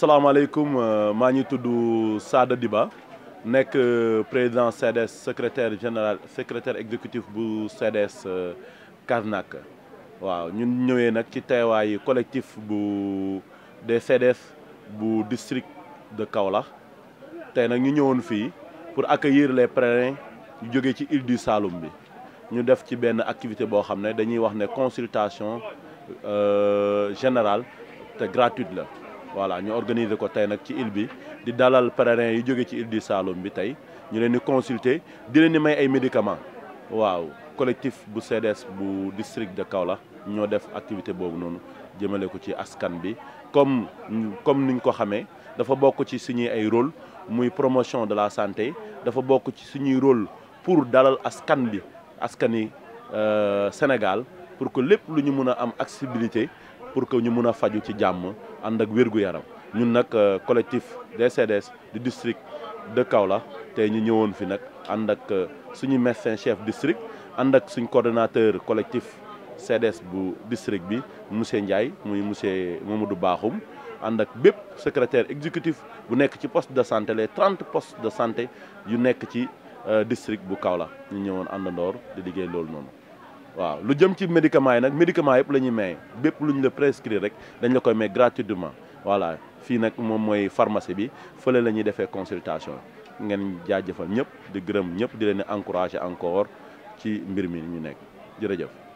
salaamaaleykum euh, maa ngi tudd Sada Diba nekk euh, président CDS secretaire général secretaire exécutif bu CDS euh, karnak waaw ñun ñëwee nag ci teewaayu collectif bu des CDS bu district de Kaolack tey nag ñu ñëwoon fii pour accueillir les pèlerins jóge ci île du Saloum bi ñu def ci benn activité boo xam ne dañuy wax ne consultation général te gratuite la. voilà ñu organiser ko tey nag ci île bi di dalal pèlerins yu jóge ci île du Saloum bi tey ñu leen di consulter di leen di may ay médicament waaw collectif bu CDS bu district de Kaolack ñoo def activité boobu noonu jëmale ko ci askan bi comme comme niñ ko xamee dafa bokk ci suñuy ay rôle muy promotion de la santé dafa bokk ci suñuy rôle pour dalal askan bi askan yi euh, Sénégal pour que lépp lu ñu mën a am accessibilité pour que ñu mun a faju ci jàmm ànd ak wér-gu-yaram ñun nag euh, collectif DCDS du district de Kaolack te ñu ñëwoon fi nag ànd ak euh, suñu médecin chef district ànd ak suñ coordonnateur collectif CDS bu district bi monsieur Ndiaye muy monsieur Mamadou Bakhoum ànd ak bépp secrétaire exécutif bu nekk ci poste de santé les trente postes de santé yu nekk ci euh, district bu Kaolack ñu ñëwoon àndandoor di liggéey loolu noonu waaw lu jëm ci médicaments yi nag médicament yëpp la ñuy may bépp lu ñu la prescrire rek dañ la koy may gratuitement voilà fii nag moom mooy pharmacie bi fële la ñuy defee consultation ngeen jaajëfal ñëpp di gërëm ñëpp di leen encourager encore ci mbir mi ñu nekk jërëjëf.